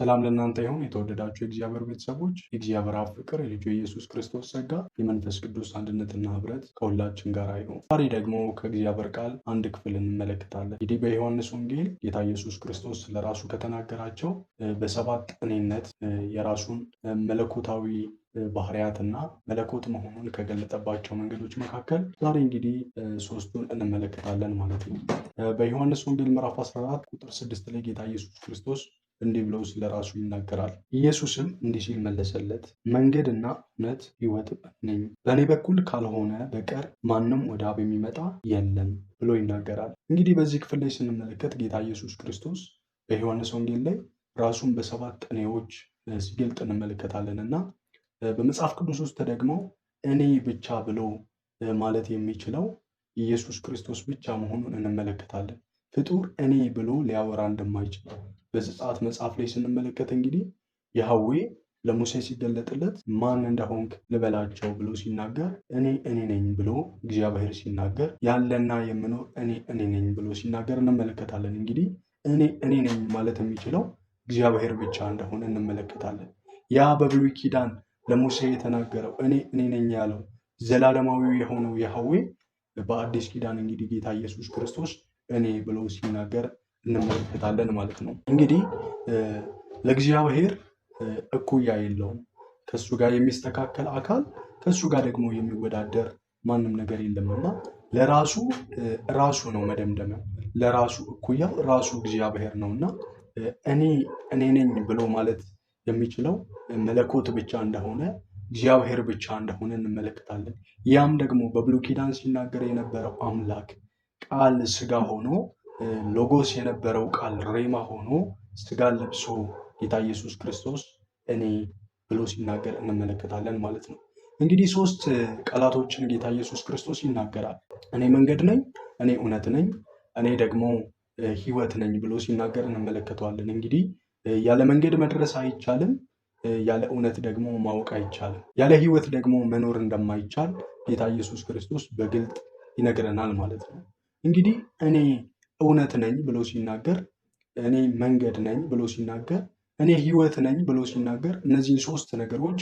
ሰላም ለእናንተ ይሁን የተወደዳችሁ የእግዚአብሔር ቤተሰቦች፣ የእግዚአብሔር አብ ፍቅር፣ የልጁ የኢየሱስ ክርስቶስ ጸጋ፣ የመንፈስ ቅዱስ አንድነትና ህብረት ከሁላችን ጋር ይሁን። ዛሬ ደግሞ ከእግዚአብሔር ቃል አንድ ክፍል እንመለከታለን። እንግዲህ በዮሐንስ ወንጌል ጌታ ኢየሱስ ክርስቶስ ለራሱ ከተናገራቸው በሰባት ጥኔነት የራሱን መለኮታዊ ባህሪያትና መለኮት መሆኑን ከገለጠባቸው መንገዶች መካከል ዛሬ እንግዲህ ሶስቱን እንመለከታለን ማለት ነው። በዮሐንስ ወንጌል ምዕራፍ 14 ቁጥር ስድስት ላይ ጌታ ኢየሱስ ክርስቶስ እንዲህ ብሎ ስለ ራሱ ይናገራል። ኢየሱስም እንዲህ ሲል መለሰለት፣ መንገድና እውነት ሕይወትም ነኝ፣ በእኔ በኩል ካልሆነ በቀር ማንም ወደ አብ የሚመጣ የለም ብሎ ይናገራል። እንግዲህ በዚህ ክፍል ላይ ስንመለከት ጌታ ኢየሱስ ክርስቶስ በዮሐንስ ወንጌል ላይ ራሱን በሰባት እኔዎች ሲገልጥ እንመለከታለን እና በመጽሐፍ ቅዱስ ውስጥ ደግሞ እኔ ብቻ ብሎ ማለት የሚችለው ኢየሱስ ክርስቶስ ብቻ መሆኑን እንመለከታለን። ፍጡር እኔ ብሎ ሊያወራ እንደማይችል በዘጸአት መጽሐፍ ላይ ስንመለከት እንግዲህ ያህዌ ለሙሴ ሲገለጥለት ማን እንደሆንክ ልበላቸው ብሎ ሲናገር እኔ እኔ ነኝ ብሎ እግዚአብሔር ሲናገር ያለና የምኖር እኔ እኔ ነኝ ብሎ ሲናገር እንመለከታለን። እንግዲህ እኔ እኔ ነኝ ማለት የሚችለው እግዚአብሔር ብቻ እንደሆነ እንመለከታለን። ያ በብሉይ ኪዳን ለሙሴ የተናገረው እኔ እኔ ነኝ ያለው ዘላለማዊ የሆነው ያህዌ በአዲስ ኪዳን እንግዲህ ጌታ ኢየሱስ ክርስቶስ እኔ ብሎ ሲናገር እንመለከታለን ማለት ነው። እንግዲህ ለእግዚአብሔር እኩያ የለውም። ከእሱ ጋር የሚስተካከል አካል ከእሱ ጋር ደግሞ የሚወዳደር ማንም ነገር የለምና ለራሱ ራሱ ነው መደምደሚያ፣ ለራሱ እኩያ ራሱ እግዚአብሔር ነው እና እኔ እኔ ነኝ ብሎ ማለት የሚችለው መለኮት ብቻ እንደሆነ እግዚአብሔር ብቻ እንደሆነ እንመለከታለን። ያም ደግሞ በብሉይ ኪዳን ሲናገር የነበረው አምላክ ቃል ስጋ ሆኖ ሎጎስ የነበረው ቃል ሬማ ሆኖ ስጋ ለብሶ ጌታ ኢየሱስ ክርስቶስ እኔ ብሎ ሲናገር እንመለከታለን ማለት ነው። እንግዲህ ሶስት ቃላቶችን ጌታ ኢየሱስ ክርስቶስ ይናገራል። እኔ መንገድ ነኝ፣ እኔ እውነት ነኝ፣ እኔ ደግሞ ሕይወት ነኝ ብሎ ሲናገር እንመለከተዋለን። እንግዲህ ያለ መንገድ መድረስ አይቻልም። ያለ እውነት ደግሞ ማወቅ አይቻልም። ያለ ሕይወት ደግሞ መኖር እንደማይቻል ጌታ ኢየሱስ ክርስቶስ በግልጥ ይነግረናል ማለት ነው። እንግዲህ እኔ እውነት ነኝ ብሎ ሲናገር፣ እኔ መንገድ ነኝ ብሎ ሲናገር፣ እኔ ህይወት ነኝ ብሎ ሲናገር እነዚህን ሶስት ነገሮች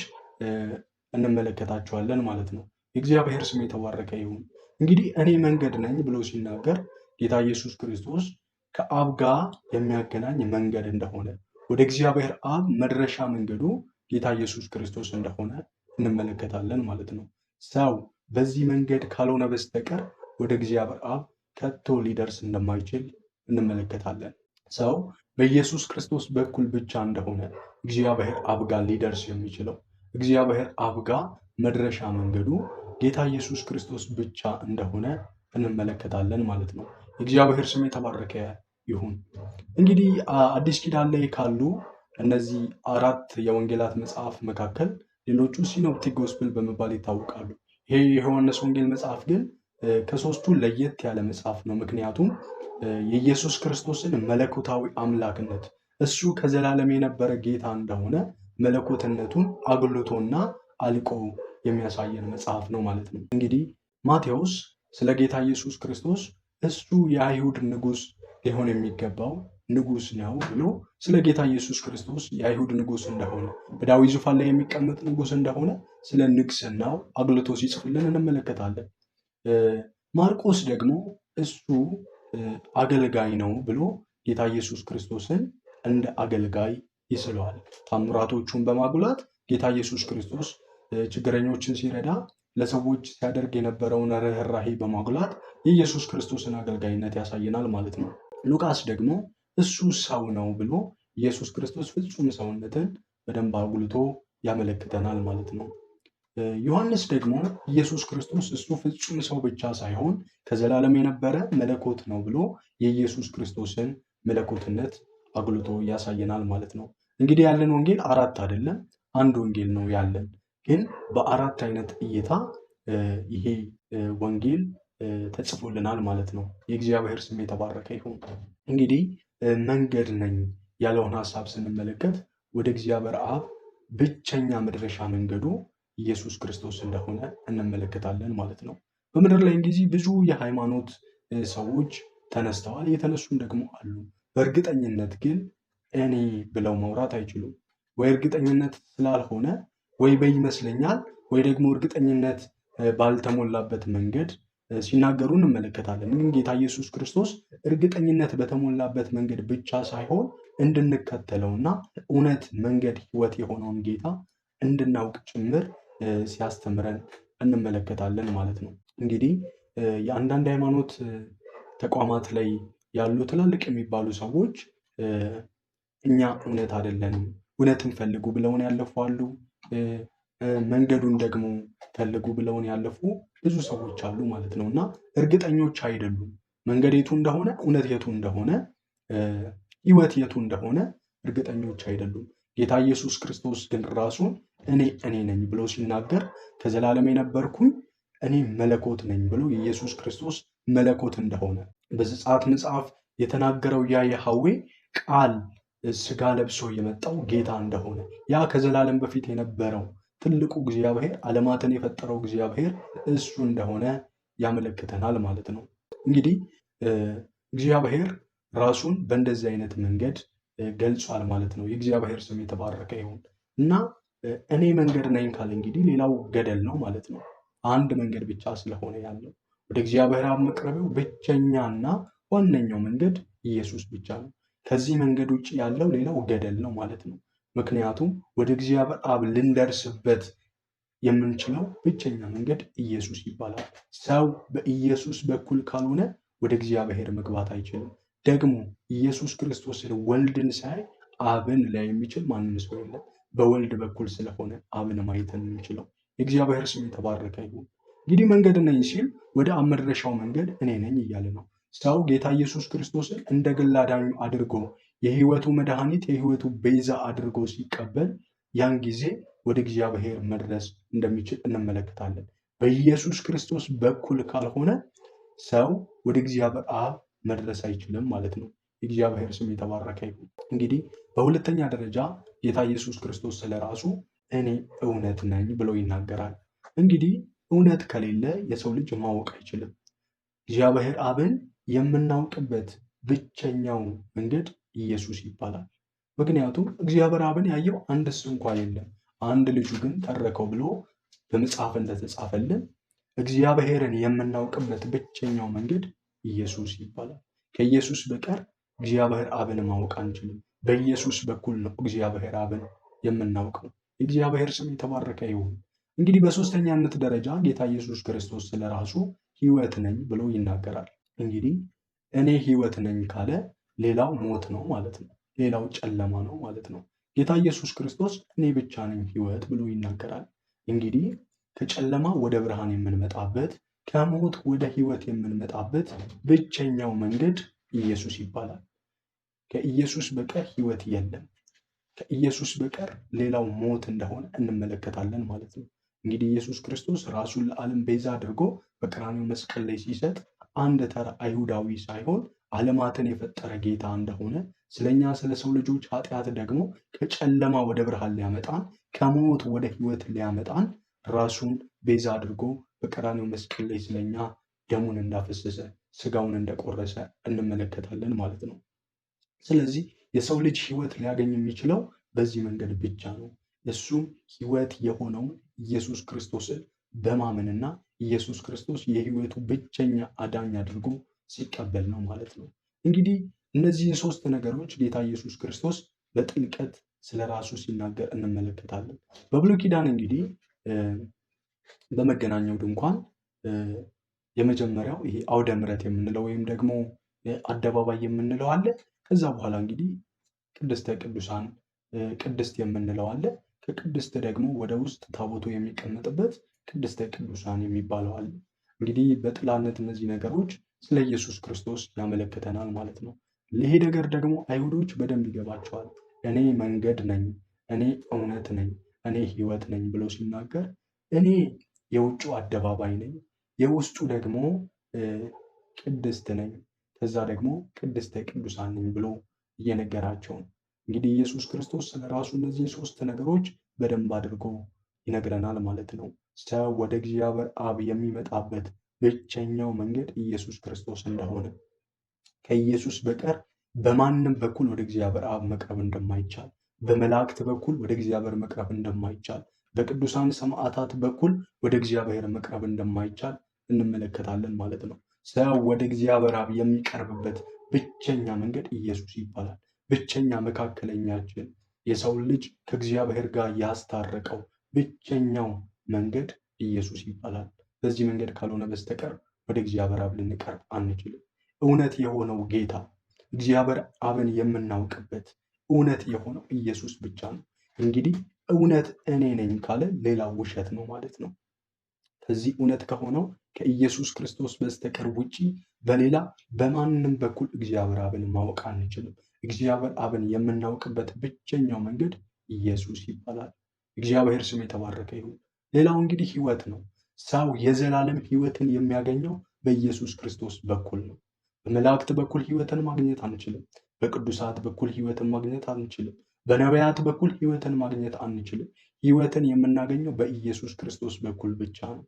እንመለከታቸዋለን ማለት ነው። የእግዚአብሔር ስም የተባረከ ይሁን። እንግዲህ እኔ መንገድ ነኝ ብሎ ሲናገር ጌታ ኢየሱስ ክርስቶስ ከአብ ጋር የሚያገናኝ መንገድ እንደሆነ ወደ እግዚአብሔር አብ መድረሻ መንገዱ ጌታ ኢየሱስ ክርስቶስ እንደሆነ እንመለከታለን ማለት ነው። ሰው በዚህ መንገድ ካልሆነ በስተቀር ወደ እግዚአብሔር አብ ከቶ ሊደርስ እንደማይችል እንመለከታለን። ሰው በኢየሱስ ክርስቶስ በኩል ብቻ እንደሆነ እግዚአብሔር አብ ጋር ሊደርስ የሚችለው እግዚአብሔር አብ ጋር መድረሻ መንገዱ ጌታ ኢየሱስ ክርስቶስ ብቻ እንደሆነ እንመለከታለን ማለት ነው። እግዚአብሔር ስም የተባረከ ይሁን። እንግዲህ አዲስ ኪዳን ላይ ካሉ እነዚህ አራት የወንጌላት መጽሐፍ መካከል ሌሎቹ ሲኖፕቲክ ጎስፕል በመባል ይታወቃሉ። ይሄ የዮሐንስ ወንጌል መጽሐፍ ግን ከሶስቱ ለየት ያለ መጽሐፍ ነው። ምክንያቱም የኢየሱስ ክርስቶስን መለኮታዊ አምላክነት እሱ ከዘላለም የነበረ ጌታ እንደሆነ መለኮትነቱን አግልቶና አልቆ የሚያሳየን መጽሐፍ ነው ማለት ነው። እንግዲህ ማቴዎስ ስለ ጌታ ኢየሱስ ክርስቶስ እሱ የአይሁድ ንጉሥ ሊሆን የሚገባው ንጉሥ ነው ብሎ ስለ ጌታ ኢየሱስ ክርስቶስ የአይሁድ ንጉሥ እንደሆነ በዳዊት ዙፋን ላይ የሚቀመጥ ንጉሥ እንደሆነ ስለ ንግሥናው አግልቶ ሲጽፍልን እንመለከታለን። ማርቆስ ደግሞ እሱ አገልጋይ ነው ብሎ ጌታ ኢየሱስ ክርስቶስን እንደ አገልጋይ ይስለዋል። ታምራቶቹን በማጉላት ጌታ ኢየሱስ ክርስቶስ ችግረኞችን ሲረዳ ለሰዎች ሲያደርግ የነበረውን ርኅራሄ በማጉላት የኢየሱስ ክርስቶስን አገልጋይነት ያሳየናል ማለት ነው። ሉቃስ ደግሞ እሱ ሰው ነው ብሎ ኢየሱስ ክርስቶስ ፍጹም ሰውነትን በደንብ አጉልቶ ያመለክተናል ማለት ነው። ዮሐንስ ደግሞ ኢየሱስ ክርስቶስ እሱ ፍጹም ሰው ብቻ ሳይሆን ከዘላለም የነበረ መለኮት ነው ብሎ የኢየሱስ ክርስቶስን መለኮትነት አጉልቶ ያሳየናል ማለት ነው። እንግዲህ ያለን ወንጌል አራት አይደለም፣ አንድ ወንጌል ነው ያለን። ግን በአራት አይነት እይታ ይሄ ወንጌል ተጽፎልናል ማለት ነው። የእግዚአብሔር ስም የተባረከ ይሁን። እንግዲህ መንገድ ነኝ ያለውን ሀሳብ ስንመለከት ወደ እግዚአብሔር አብ ብቸኛ መድረሻ መንገዱ ኢየሱስ ክርስቶስ እንደሆነ እንመለከታለን ማለት ነው። በምድር ላይ እንግዲህ ብዙ የሃይማኖት ሰዎች ተነስተዋል፣ የተነሱም ደግሞ አሉ። በእርግጠኝነት ግን እኔ ብለው መውራት አይችሉም። ወይ እርግጠኝነት ስላልሆነ ወይ በይመስለኛል ወይ ደግሞ እርግጠኝነት ባልተሞላበት መንገድ ሲናገሩ እንመለከታለን። ግን ጌታ ኢየሱስ ክርስቶስ እርግጠኝነት በተሞላበት መንገድ ብቻ ሳይሆን እንድንከተለውና እውነት፣ መንገድ፣ ህይወት የሆነውን ጌታ እንድናውቅ ጭምር ሲያስተምረን እንመለከታለን ማለት ነው። እንግዲህ የአንዳንድ ሃይማኖት ተቋማት ላይ ያሉ ትላልቅ የሚባሉ ሰዎች እኛ እውነት አይደለንም እውነትን ፈልጉ ብለውን ያለፏሉ። መንገዱን ደግሞ ፈልጉ ብለውን ያለፉ ብዙ ሰዎች አሉ ማለት ነው እና እርግጠኞች አይደሉም። መንገድ የቱ እንደሆነ እውነት የቱ እንደሆነ ህይወት የቱ እንደሆነ እርግጠኞች አይደሉም። ጌታ ኢየሱስ ክርስቶስ ግን ራሱን እኔ እኔ ነኝ ብሎ ሲናገር ከዘላለም የነበርኩኝ እኔ መለኮት ነኝ ብሎ የኢየሱስ ክርስቶስ መለኮት እንደሆነ በዘጸአት መጽሐፍ የተናገረው ያ የሐዌ ቃል ስጋ ለብሶ የመጣው ጌታ እንደሆነ ያ ከዘላለም በፊት የነበረው ትልቁ እግዚአብሔር ዓለማትን የፈጠረው እግዚአብሔር እሱ እንደሆነ ያመለክተናል ማለት ነው። እንግዲህ እግዚአብሔር ራሱን በእንደዚህ አይነት መንገድ ገልጿል ማለት ነው። የእግዚአብሔር ስም የተባረከ ይሁን እና እኔ መንገድ ነኝ ካል እንግዲህ ሌላው ገደል ነው ማለት ነው። አንድ መንገድ ብቻ ስለሆነ ያለው ወደ እግዚአብሔር መቅረቢያው ብቸኛና ዋነኛው መንገድ ኢየሱስ ብቻ ነው። ከዚህ መንገድ ውጭ ያለው ሌላው ገደል ነው ማለት ነው። ምክንያቱም ወደ እግዚአብሔር አብ ልንደርስበት የምንችለው ብቸኛ መንገድ ኢየሱስ ይባላል። ሰው በኢየሱስ በኩል ካልሆነ ወደ እግዚአብሔር መግባት አይችልም። ደግሞ ኢየሱስ ክርስቶስን ወልድን ሳይ አብን ላይ የሚችል ማንም ሰው የለም። በወልድ በኩል ስለሆነ አብን ማየት የምንችለው የእግዚአብሔር ስም የተባረከ ይሁን። እንግዲህ መንገድ ነኝ ሲል ወደ መድረሻው መንገድ እኔ ነኝ እያለ ነው። ሰው ጌታ ኢየሱስ ክርስቶስን እንደ ግል አዳኙ አድርጎ የህይወቱ መድኃኒት የህይወቱ ቤዛ አድርጎ ሲቀበል ያን ጊዜ ወደ እግዚአብሔር መድረስ እንደሚችል እንመለከታለን። በኢየሱስ ክርስቶስ በኩል ካልሆነ ሰው ወደ እግዚአብሔር አብ መድረስ አይችልም ማለት ነው። እግዚአብሔር ስም የተባረከ ይሁን። እንግዲህ በሁለተኛ ደረጃ ጌታ ኢየሱስ ክርስቶስ ስለ ራሱ እኔ እውነት ነኝ ብሎ ይናገራል። እንግዲህ እውነት ከሌለ የሰው ልጅ ማወቅ አይችልም። እግዚአብሔር አብን የምናውቅበት ብቸኛው መንገድ ኢየሱስ ይባላል። ምክንያቱም እግዚአብሔር አብን ያየው አንድስ እንኳ የለም፣ አንድ ልጁ ግን ተረከው ብሎ በመጽሐፍ እንደተጻፈልን እግዚአብሔርን የምናውቅበት ብቸኛው መንገድ ኢየሱስ ይባላል። ከኢየሱስ በቀር እግዚአብሔር አብን ማወቅ አንችልም። በኢየሱስ በኩል ነው እግዚአብሔር አብን የምናውቀው። የእግዚአብሔር ስም የተባረከ ይሁን። እንግዲህ በሶስተኛነት ደረጃ ጌታ ኢየሱስ ክርስቶስ ስለ ራሱ ህይወት ነኝ ብሎ ይናገራል። እንግዲህ እኔ ህይወት ነኝ ካለ ሌላው ሞት ነው ማለት ነው። ሌላው ጨለማ ነው ማለት ነው። ጌታ ኢየሱስ ክርስቶስ እኔ ብቻ ነኝ ህይወት ብሎ ይናገራል። እንግዲህ ከጨለማ ወደ ብርሃን የምንመጣበት ከሞት ወደ ህይወት የምንመጣበት ብቸኛው መንገድ ኢየሱስ ይባላል። ከኢየሱስ በቀር ህይወት የለም፣ ከኢየሱስ በቀር ሌላው ሞት እንደሆነ እንመለከታለን ማለት ነው። እንግዲህ ኢየሱስ ክርስቶስ ራሱን ለዓለም ቤዛ አድርጎ በቀራኒው መስቀል ላይ ሲሰጥ አንድ ተራ አይሁዳዊ ሳይሆን ዓለማትን የፈጠረ ጌታ እንደሆነ ስለኛ ስለ ሰው ልጆች ኃጢአት ደግሞ ከጨለማ ወደ ብርሃን ሊያመጣን ከሞት ወደ ህይወት ሊያመጣን ራሱን ቤዛ አድርጎ በቀራኒው መስቀል ላይ ስለኛ ደሙን እንዳፈሰሰ ስጋውን እንደቆረሰ እንመለከታለን ማለት ነው። ስለዚህ የሰው ልጅ ህይወት ሊያገኝ የሚችለው በዚህ መንገድ ብቻ ነው። እሱም ህይወት የሆነውን ኢየሱስ ክርስቶስን በማመንና ኢየሱስ ክርስቶስ የህይወቱ ብቸኛ አዳኝ አድርጎ ሲቀበል ነው ማለት ነው። እንግዲህ እነዚህን ሶስት ነገሮች ጌታ ኢየሱስ ክርስቶስ በጥልቀት ስለ ራሱ ሲናገር እንመለከታለን። በብሉይ ኪዳን እንግዲህ በመገናኛው ድንኳን የመጀመሪያው ይሄ አውደ ምረት የምንለው ወይም ደግሞ አደባባይ የምንለው አለ። ከዛ በኋላ እንግዲህ ቅድስተ ቅዱሳን ቅድስት የምንለው አለ። ከቅድስት ደግሞ ወደ ውስጥ ታቦቱ የሚቀመጥበት ቅድስተ ቅዱሳን የሚባለው አለ። እንግዲህ በጥላነት እነዚህ ነገሮች ስለ ኢየሱስ ክርስቶስ ያመለክተናል ማለት ነው። ይሄ ነገር ደግሞ አይሁዶች በደንብ ይገባቸዋል። እኔ መንገድ ነኝ፣ እኔ እውነት ነኝ፣ እኔ ሕይወት ነኝ ብሎ ሲናገር እኔ የውጩ አደባባይ ነኝ፣ የውስጡ ደግሞ ቅድስት ነኝ ከዛ ደግሞ ቅድስተ ቅዱሳን ነኝ ብሎ እየነገራቸው ነው። እንግዲህ ኢየሱስ ክርስቶስ ስለ ራሱ እነዚህ ሶስት ነገሮች በደንብ አድርጎ ይነግረናል ማለት ነው። ሰው ወደ እግዚአብሔር አብ የሚመጣበት ብቸኛው መንገድ ኢየሱስ ክርስቶስ እንደሆነ ከኢየሱስ በቀር በማንም በኩል ወደ እግዚአብሔር አብ መቅረብ እንደማይቻል፣ በመላእክት በኩል ወደ እግዚአብሔር መቅረብ እንደማይቻል፣ በቅዱሳን ሰማዕታት በኩል ወደ እግዚአብሔር መቅረብ እንደማይቻል እንመለከታለን ማለት ነው። ሰው ወደ እግዚአብሔር አብ የሚቀርብበት ብቸኛ መንገድ ኢየሱስ ይባላል። ብቸኛ መካከለኛችን፣ የሰው ልጅ ከእግዚአብሔር ጋር ያስታረቀው ብቸኛው መንገድ ኢየሱስ ይባላል። በዚህ መንገድ ካልሆነ በስተቀር ወደ እግዚአብሔር አብ ልንቀርብ አንችልም። እውነት የሆነው ጌታ እግዚአብሔር አብን የምናውቅበት እውነት የሆነው ኢየሱስ ብቻ ነው። እንግዲህ እውነት እኔ ነኝ ካለ ሌላ ውሸት ነው ማለት ነው። ከዚህ እውነት ከሆነው ከኢየሱስ ክርስቶስ በስተቀር ውጪ በሌላ በማንም በኩል እግዚአብሔር አብን ማወቅ አንችልም። እግዚአብሔር አብን የምናውቅበት ብቸኛው መንገድ ኢየሱስ ይባላል። እግዚአብሔር ስም የተባረከ ይሁን። ሌላው እንግዲህ ህይወት ነው። ሰው የዘላለም ህይወትን የሚያገኘው በኢየሱስ ክርስቶስ በኩል ነው። በመላእክት በኩል ህይወትን ማግኘት አንችልም። በቅዱሳት በኩል ህይወትን ማግኘት አንችልም። በነቢያት በኩል ህይወትን ማግኘት አንችልም። ህይወትን የምናገኘው በኢየሱስ ክርስቶስ በኩል ብቻ ነው።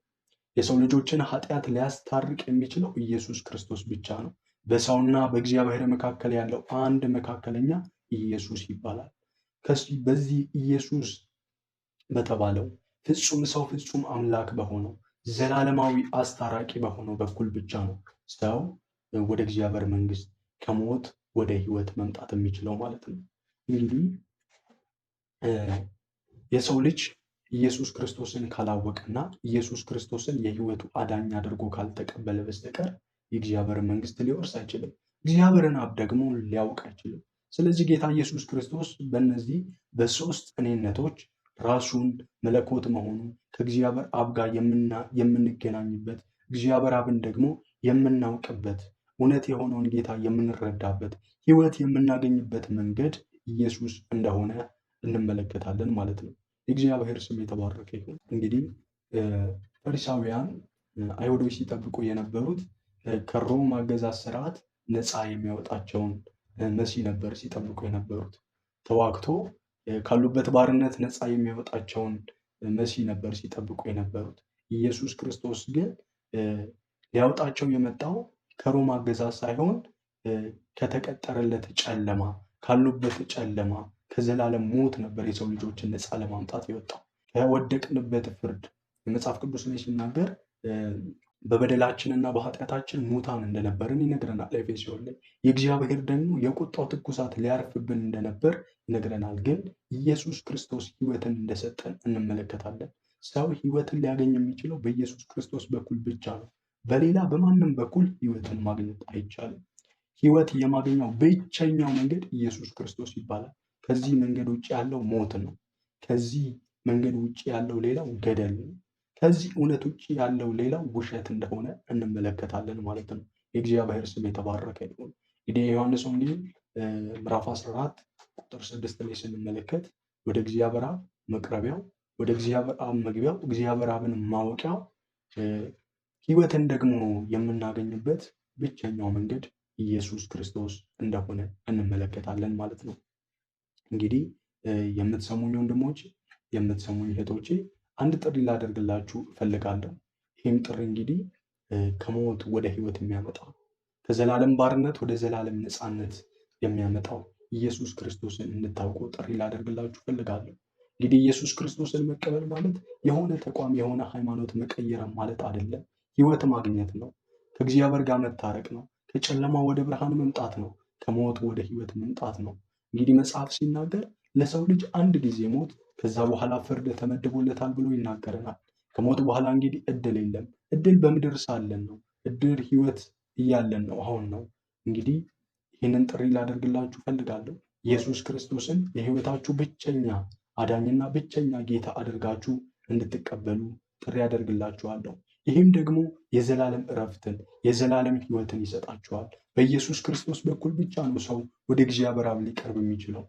የሰው ልጆችን ኃጢአት ሊያስታርቅ የሚችለው ኢየሱስ ክርስቶስ ብቻ ነው። በሰውና በእግዚአብሔር መካከል ያለው አንድ መካከለኛ ኢየሱስ ይባላል። በዚህ ኢየሱስ በተባለው ፍጹም ሰው ፍጹም አምላክ በሆነው ዘላለማዊ አስታራቂ በሆነው በኩል ብቻ ነው ሰው ወደ እግዚአብሔር መንግስት ከሞት ወደ ህይወት መምጣት የሚችለው ማለት ነው። እንግዲህ የሰው ልጅ ኢየሱስ ክርስቶስን ካላወቀና ኢየሱስ ክርስቶስን የህይወቱ አዳኝ አድርጎ ካልተቀበለ በስተቀር የእግዚአብሔር መንግስት ሊወርስ አይችልም። እግዚአብሔርን አብ ደግሞ ሊያውቅ አይችልም። ስለዚህ ጌታ ኢየሱስ ክርስቶስ በእነዚህ በሶስት እኔነቶች ራሱን መለኮት መሆኑ ከእግዚአብሔር አብ ጋር የምንገናኝበት እግዚአብሔር አብን ደግሞ የምናውቅበት እውነት የሆነውን ጌታ የምንረዳበት ህይወት የምናገኝበት መንገድ ኢየሱስ እንደሆነ እንመለከታለን ማለት ነው። የእግዚአብሔር ስም የተባረከ ይሁን። እንግዲህ ፈሪሳውያን አይሁዶች ሲጠብቁ የነበሩት ከሮም አገዛዝ ስርዓት ነፃ የሚያወጣቸውን መሲ ነበር ሲጠብቁ የነበሩት። ተዋግቶ ካሉበት ባርነት ነፃ የሚያወጣቸውን መሲ ነበር ሲጠብቁ የነበሩት። ኢየሱስ ክርስቶስ ግን ሊያወጣቸው የመጣው ከሮም አገዛዝ ሳይሆን ከተቀጠረለት ጨለማ ካሉበት ጨለማ ከዘላለም ሞት ነበር የሰው ልጆችን ነፃ ለማምጣት የወጣው ከወደቅንበት ፍርድ። የመጽሐፍ ቅዱስ ላይ ሲናገር በበደላችንና በኃጢአታችን ሙታን እንደነበርን ይነግረናል። ኤፌሶን ላይ የእግዚአብሔር ደግሞ የቁጣው ትኩሳት ሊያርፍብን እንደነበር ይነግረናል። ግን ኢየሱስ ክርስቶስ ሕይወትን እንደሰጠን እንመለከታለን። ሰው ሕይወትን ሊያገኝ የሚችለው በኢየሱስ ክርስቶስ በኩል ብቻ ነው። በሌላ በማንም በኩል ሕይወትን ማግኘት አይቻልም። ሕይወት የማገኘው ብቸኛው መንገድ ኢየሱስ ክርስቶስ ይባላል። ከዚህ መንገድ ውጭ ያለው ሞት ነው። ከዚህ መንገድ ውጭ ያለው ሌላው ገደል ነው። ከዚህ እውነት ውጭ ያለው ሌላው ውሸት እንደሆነ እንመለከታለን ማለት ነው። የእግዚአብሔር ስም የተባረከ ይሁን። እንግዲህ ዮሐንስ ወንጌል ምዕራፍ 14 ቁጥር 6 ላይ ስንመለከት ወደ እግዚአብሔር አብ መቅረቢያው፣ ወደ እግዚአብሔር አብ መግቢያው፣ እግዚአብሔር አብን ማወቂያው፣ ህይወትን ደግሞ የምናገኝበት ብቸኛው መንገድ ኢየሱስ ክርስቶስ እንደሆነ እንመለከታለን ማለት ነው። እንግዲህ የምትሰሙኝ ወንድሞቼ፣ የምትሰሙኝ እህቶቼ አንድ ጥሪ ላደርግላችሁ እፈልጋለሁ። ይህም ጥሪ እንግዲህ ከሞት ወደ ህይወት የሚያመጣው ከዘላለም ባርነት ወደ ዘላለም ነፃነት የሚያመጣው ኢየሱስ ክርስቶስን እንድታውቁ ጥሪ ላደርግላችሁ እፈልጋለሁ። እንግዲህ ኢየሱስ ክርስቶስን መቀበል ማለት የሆነ ተቋም የሆነ ሃይማኖት መቀየር ማለት አይደለም። ህይወት ማግኘት ነው። ከእግዚአብሔር ጋር መታረቅ ነው። ከጨለማ ወደ ብርሃን መምጣት ነው። ከሞት ወደ ህይወት መምጣት ነው። እንግዲህ መጽሐፍ ሲናገር ለሰው ልጅ አንድ ጊዜ ሞት፣ ከዛ በኋላ ፍርድ ተመድቦለታል ብሎ ይናገረናል። ከሞት በኋላ እንግዲህ እድል የለም። እድል በምድር ሳለን ነው። እድል ህይወት እያለን ነው። አሁን ነው እንግዲህ ይህንን ጥሪ ላደርግላችሁ ፈልጋለሁ። ኢየሱስ ክርስቶስን የህይወታችሁ ብቸኛ አዳኝና ብቸኛ ጌታ አድርጋችሁ እንድትቀበሉ ጥሪ ያደርግላችኋለሁ። ይህም ደግሞ የዘላለም እረፍትን የዘላለም ህይወትን ይሰጣችኋል። በኢየሱስ ክርስቶስ በኩል ብቻ ነው ሰው ወደ እግዚአብሔር አብ ሊቀርብ የሚችለው።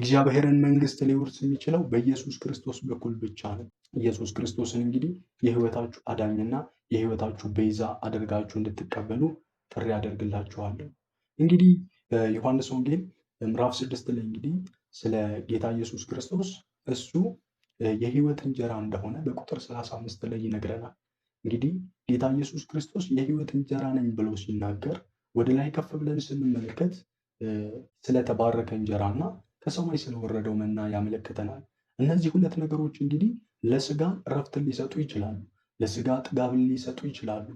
እግዚአብሔርን መንግስት ሊወርስ የሚችለው በኢየሱስ ክርስቶስ በኩል ብቻ ነው። ኢየሱስ ክርስቶስን እንግዲህ የህይወታችሁ አዳኝና የህይወታችሁ ቤዛ አድርጋችሁ እንድትቀበሉ ጥሪ አደርግላችኋለሁ። እንግዲህ በዮሐንስ ወንጌል ምዕራፍ ስድስት ላይ እንግዲህ ስለ ጌታ ኢየሱስ ክርስቶስ እሱ የህይወት እንጀራ እንደሆነ በቁጥር 35 አምስት ላይ ይነግረናል። እንግዲህ ጌታ ኢየሱስ ክርስቶስ የህይወት እንጀራ ነኝ ብሎ ሲናገር ወደ ላይ ከፍ ብለን ስንመለከት ስለተባረከ እና ከሰማይ ስለወረደው መና ያመለክተናል። እነዚህ ሁለት ነገሮች እንግዲህ ለስጋ እረፍትን ሊሰጡ ይችላሉ። ለስጋ ጥጋብን ሊሰጡ ይችላሉ።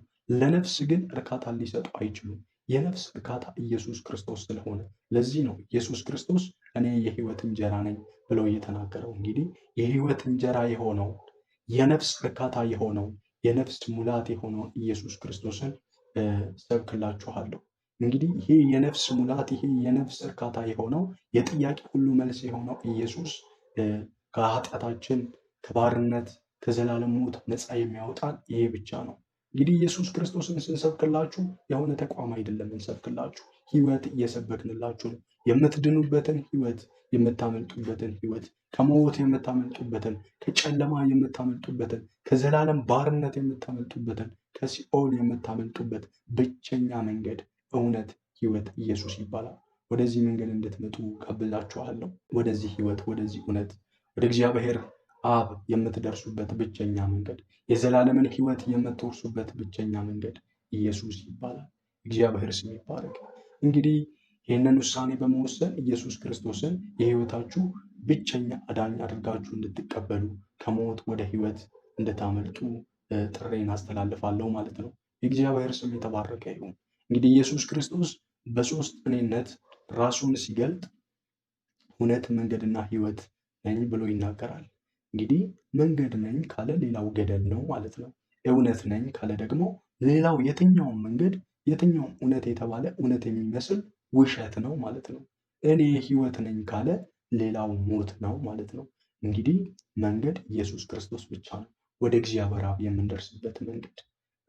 ለነፍስ ግን እርካታን ሊሰጡ አይችሉም። የነፍስ እርካታ ኢየሱስ ክርስቶስ ስለሆነ፣ ለዚህ ነው ኢየሱስ ክርስቶስ እኔ የህይወት እንጀራ ነኝ ብሎ እየተናገረው እንግዲህ የህይወት እንጀራ የሆነው የነፍስ እርካታ የሆነው የነፍስ ሙላት የሆነውን ኢየሱስ ክርስቶስን ሰብክላችኋለሁ። እንግዲህ ይሄ የነፍስ ሙላት ይሄ የነፍስ እርካታ የሆነው የጥያቄ ሁሉ መልስ የሆነው ኢየሱስ ከኃጢአታችን ከባርነት ከዘላለም ሞት ነፃ የሚያወጣን ይሄ ብቻ ነው። እንግዲህ ኢየሱስ ክርስቶስን ስንሰብክላችሁ የሆነ ተቋም አይደለም እንሰብክላችሁ፣ ህይወት እየሰበክንላችሁ ነው። የምትድኑበትን ህይወት፣ የምታመልጡበትን ህይወት፣ ከሞት የምታመልጡበትን፣ ከጨለማ የምታመልጡበትን፣ ከዘላለም ባርነት የምታመልጡበትን፣ ከሲኦል የምታመልጡበት ብቸኛ መንገድ እውነት ህይወት ኢየሱስ ይባላል። ወደዚህ መንገድ እንድትመጡ ቀብላችኋለሁ። ወደዚህ ህይወት፣ ወደዚህ እውነት፣ ወደ እግዚአብሔር አብ የምትደርሱበት ብቸኛ መንገድ፣ የዘላለምን ህይወት የምትወርሱበት ብቸኛ መንገድ ኢየሱስ ይባላል። እግዚአብሔር ስም ይባረክ። እንግዲህ ይህንን ውሳኔ በመወሰን ኢየሱስ ክርስቶስን የህይወታችሁ ብቸኛ አዳኝ አድርጋችሁ እንድትቀበሉ ከሞት ወደ ህይወት እንድታመልጡ ጥሬን አስተላልፋለሁ ማለት ነው። የእግዚአብሔር ስም የተባረከ ይሁን። እንግዲህ ኢየሱስ ክርስቶስ በሶስት ፕሌንነት ራሱን ሲገልጥ እውነት መንገድና ህይወት ነኝ ብሎ ይናገራል። እንግዲህ መንገድ ነኝ ካለ ሌላው ገደል ነው ማለት ነው። እውነት ነኝ ካለ ደግሞ ሌላው የትኛውም መንገድ የትኛውም እውነት የተባለ እውነት የሚመስል ውሸት ነው ማለት ነው። እኔ ህይወት ነኝ ካለ ሌላው ሞት ነው ማለት ነው። እንግዲህ መንገድ ኢየሱስ ክርስቶስ ብቻ ነው፣ ወደ እግዚአብሔር አብ የምንደርስበት መንገድ።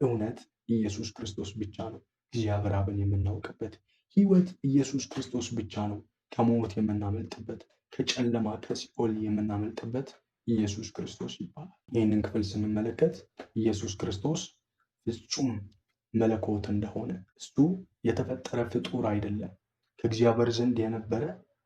እውነት ኢየሱስ ክርስቶስ ብቻ ነው። እግዚአብሔር አብን የምናውቅበት ህይወት ኢየሱስ ክርስቶስ ብቻ ነው። ከሞት የምናመልጥበት፣ ከጨለማ ከሲኦል የምናመልጥበት ኢየሱስ ክርስቶስ ይባላል። ይህንን ክፍል ስንመለከት ኢየሱስ ክርስቶስ ፍጹም መለኮት እንደሆነ እሱ የተፈጠረ ፍጡር አይደለም። ከእግዚአብሔር ዘንድ የነበረ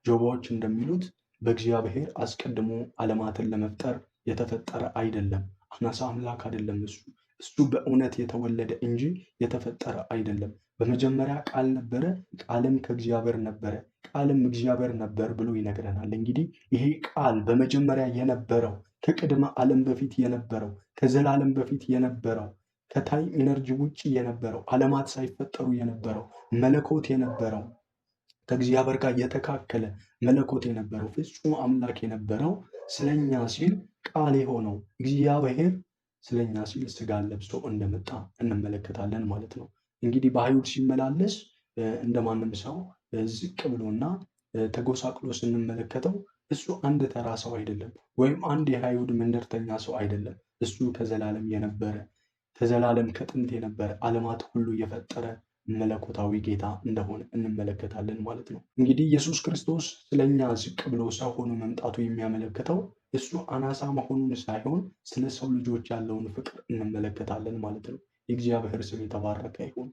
ጆባዎች እንደሚሉት በእግዚአብሔር አስቀድሞ ዓለማትን ለመፍጠር የተፈጠረ አይደለም። አናሳ አምላክ አይደለም እሱ እሱ በእውነት የተወለደ እንጂ የተፈጠረ አይደለም። በመጀመሪያ ቃል ነበረ፣ ቃልም ከእግዚአብሔር ነበረ፣ ቃልም እግዚአብሔር ነበር ብሎ ይነግረናል። እንግዲህ ይሄ ቃል በመጀመሪያ የነበረው ከቅድመ ዓለም በፊት የነበረው ከዘላለም በፊት የነበረው ከታይም ኢነርጂ ውጭ የነበረው ዓለማት ሳይፈጠሩ የነበረው መለኮት የነበረው ከእግዚአብሔር ጋር የተካከለ መለኮት የነበረው ፍጹም አምላክ የነበረው ስለኛ ሲል ቃል የሆነው እግዚአብሔር ስለኛ ሲል ስጋ ለብሶ እንደመጣ እንመለከታለን ማለት ነው። እንግዲህ በአይሁድ ሲመላለስ እንደማንም ሰው ዝቅ ብሎና ተጎሳቅሎ ስንመለከተው እሱ አንድ ተራ ሰው አይደለም፣ ወይም አንድ የአይሁድ መንደርተኛ ሰው አይደለም። እሱ ከዘላለም የነበረ ከዘላለም ከጥንት የነበረ ዓለማት ሁሉ የፈጠረ መለኮታዊ ጌታ እንደሆነ እንመለከታለን ማለት ነው። እንግዲህ ኢየሱስ ክርስቶስ ስለኛ ዝቅ ብሎ ሰው ሆኖ መምጣቱ የሚያመለክተው እሱ አናሳ መሆኑን ሳይሆን ስለ ሰው ልጆች ያለውን ፍቅር እንመለከታለን ማለት ነው። የእግዚአብሔር ስም የተባረከ ይሁን።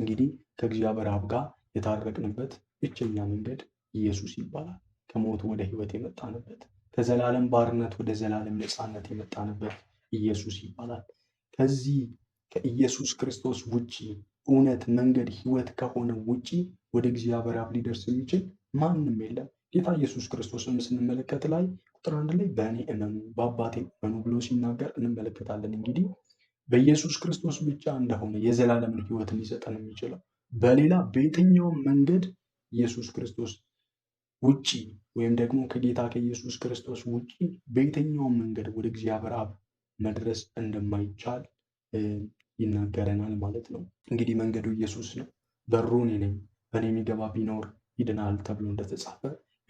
እንግዲህ ከእግዚአብሔር አብ ጋር የታረቅንበት ብቸኛ መንገድ ኢየሱስ ይባላል። ከሞት ወደ ህይወት የመጣንበት፣ ከዘላለም ባርነት ወደ ዘላለም ነፃነት የመጣንበት ኢየሱስ ይባላል። ከዚህ ከኢየሱስ ክርስቶስ ውጪ እውነት፣ መንገድ፣ ህይወት ከሆነ ውጪ ወደ እግዚአብሔር አብ ሊደርስ የሚችል ማንም የለም። ጌታ ኢየሱስ ክርስቶስን ስንመለከት ላይ ቁጥር አንድ ላይ በእኔ እመኑ በአባቴ እመኑ ብሎ ሲናገር እንመለከታለን። እንግዲህ በኢየሱስ ክርስቶስ ብቻ እንደሆነ የዘላለምን ህይወት ሊሰጠን የሚችለው በሌላ በየትኛውም መንገድ ኢየሱስ ክርስቶስ ውጪ ወይም ደግሞ ከጌታ ከኢየሱስ ክርስቶስ ውጪ በየትኛውም መንገድ ወደ እግዚአብሔር አብ መድረስ እንደማይቻል ይናገረናል ማለት ነው። እንግዲህ መንገዱ ኢየሱስ ነው፣ በሩ እኔ ነኝ፣ በእኔ የሚገባ ቢኖር ይድናል ተብሎ እንደተጻፈ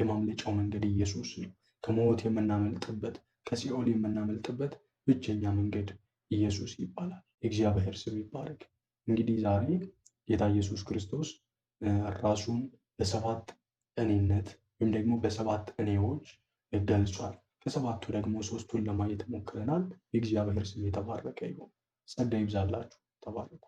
የማምለጫው መንገድ ኢየሱስ ነው። ከሞት የምናመልጥበት ከሲኦል የምናመልጥበት ብቸኛ መንገድ ኢየሱስ ይባላል። የእግዚአብሔር ስም ይባረክ። እንግዲህ ዛሬ ጌታ ኢየሱስ ክርስቶስ ራሱን በሰባት እኔነት ወይም ደግሞ በሰባት እኔዎች ገልጿል። ከሰባቱ ደግሞ ሶስቱን ለማየት ሞክረናል። የእግዚአብሔር ስም የተባረቀ ይሁን። ጸጋ ይብዛላችሁ። ተባረኩ።